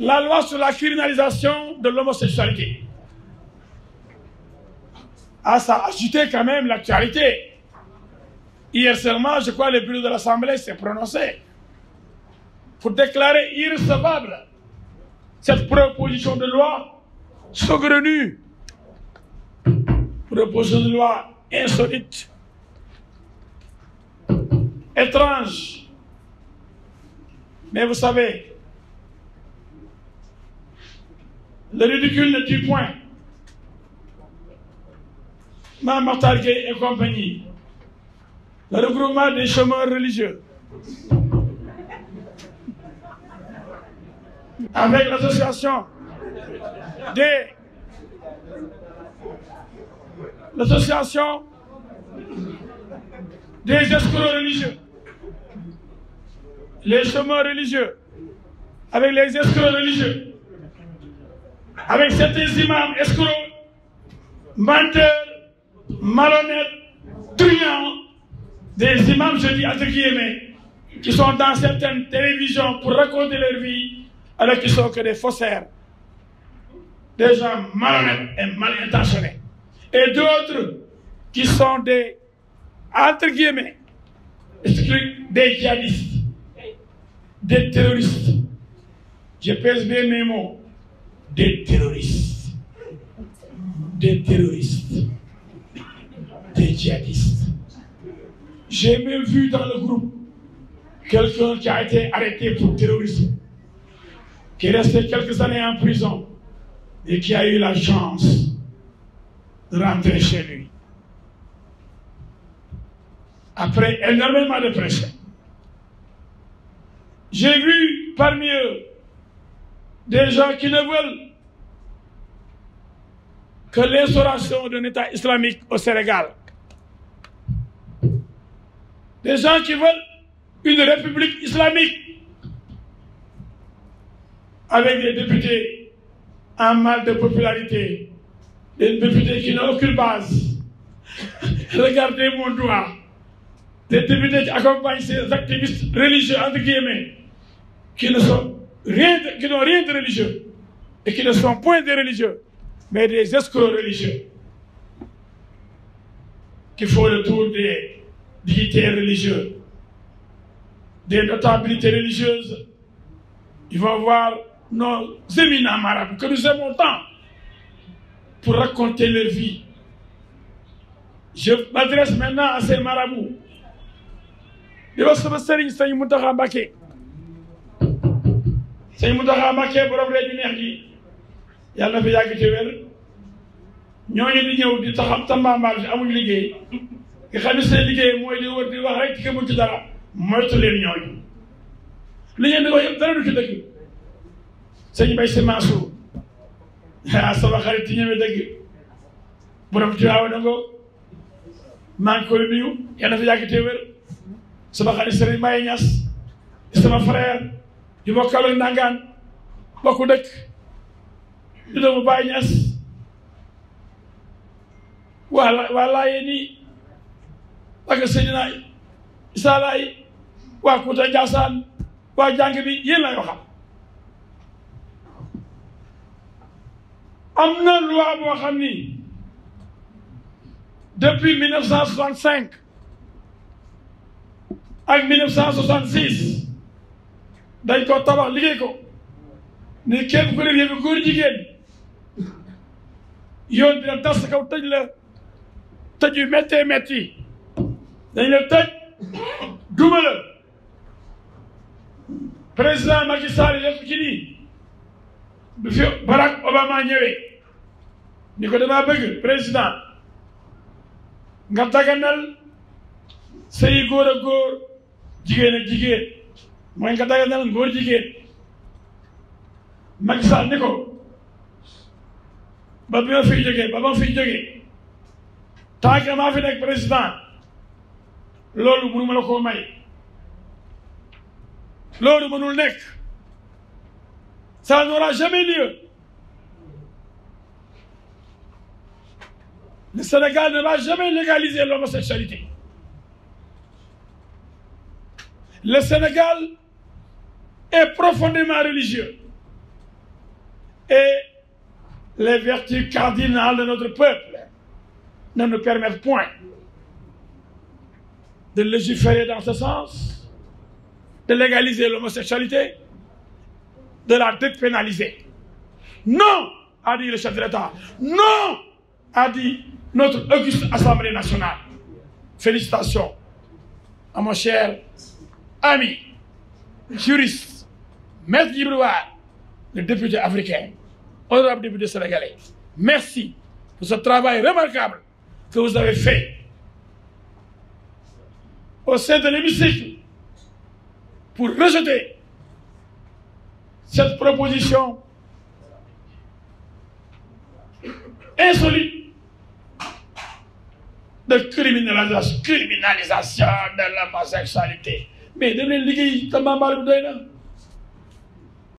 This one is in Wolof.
la loi sur la criminalisation de l'homosexualité. Ah, ça a ajouté quand même l'actualité. Hier seulement, je crois, le bureau de l'Assemblée s'est prononcé pour déclarer irrecevable cette proposition de loi saugrenue, proposition de loi insolite, étrange. Mais vous savez, le ridicule ne tue point Mame Makhtar Gueye et compagnie le regroupement des chômeurs religieux avec l'association des l'association des escrocs religieux les chômeurs religieux avec les escrocs religieux avec certains imams escrocs malhonnêtes truands des imams je dis entre guillemets qui sont dans certaines télévisions pour raconter leur vie alors qu'ils sont que des faussaires des malhonnêtes et mal et d'autres qui sont des entre guillemets des djihadistes des terroristes je pèse bien mes mots des terroristes des terroristes des djihadistes j'ai même vu dans le groupe quelqu'un qui a été arrêté pour terrorisme qui est quelques années en prison et qui a eu la chance de rentrer chez lui après énormément de pression j'ai vu parmi eux de gens qui ne veulent que l'instauration d'un État islamique au Sénégal. Des gens qui veulent une république islamique avec des députés en mal de popularité, des députés qui n'ont aucune base. Regardez mon doigt. Des députés qui accompagnent ces activistes religieux, entre guillemets, qui sont rien de, qui religieux et qui ne sont point des religieux, mais des escrocs religieux qui font le tour des dignitaires religieux, des notabilités religieuses. Ils vont voir nos éminents marabouts que nous aimons tant pour raconter leur vie. Je m'adresse maintenant à ces marabouts. di wax sama sëriñ sëñ sëñ mu Mbàkke borom ree ju neex gi yàlla na fi yàgg ci wér ñooñu di ñëw di taxam tambaambaal si amuñ liggéey nga xam ne liggéey mooy di di wax rek ci xamul ci dara moytu leen ñooñu li ngeen di wax yëpp dara du ci dëgg sëñ Bay Si Mansour ah sama xarit yi ñëwee dëgg borom ci waaw nango maa ngi koy nuyu yàlla na fi yàgg ci wér sama xarit Sëriñ Mbaye Ñas sama frère di bokkal ak nangaan bokku dëkk di doomu Baay Ñas waa waa Laayeen yi ak Seydina Isaa Laay Kuuta Njaasaan waa jàng bi yéen la yoo am na loi boo xam ni depuis mille neuf cent soixante cinq ak mille neuf cent soixante six dañ ko tabax liggéey ko ni képp ku def góor jigéen yoon dina tas kaw tëj la tëj yu méttee métti dañ la tëj duma président Macky Sall def ci fi Barack Obama ñëwee ni ko damaa bëgg président nga daganal sëy góor a góor jigéen ak jigéen mooy nga daganal góor jigéen Macky Sall ni ko ba bi ma fiy jógee ba ma fiy jógee tant que maa fi nekk président loolu mënu ma la koo may loolu mënul nekk ça n'aura jamais lieu le Sénégal ne va jamais légaliser l'homosexualité le Sénégal est profondément religieux. Et les vertus cardinales de notre peuple ne nous permettent point de légiférer dans ce sens, de légaliser l'homosexualité, de la dépénaliser. Non, a dit le chef de l'État. Non, a dit notre auguste Assemblée nationale. Félicitations à mon cher ami juriste. Maître Djibril Wade le député africain honorable député sénégalais merci pour ce travail remarquable que vous avez fait au sein de l'hémicycle pour rejeter cette proposition insolite de criminalisation criminalisation de l'homosexualité mais daf leen liggéey tambaambaal bi doy na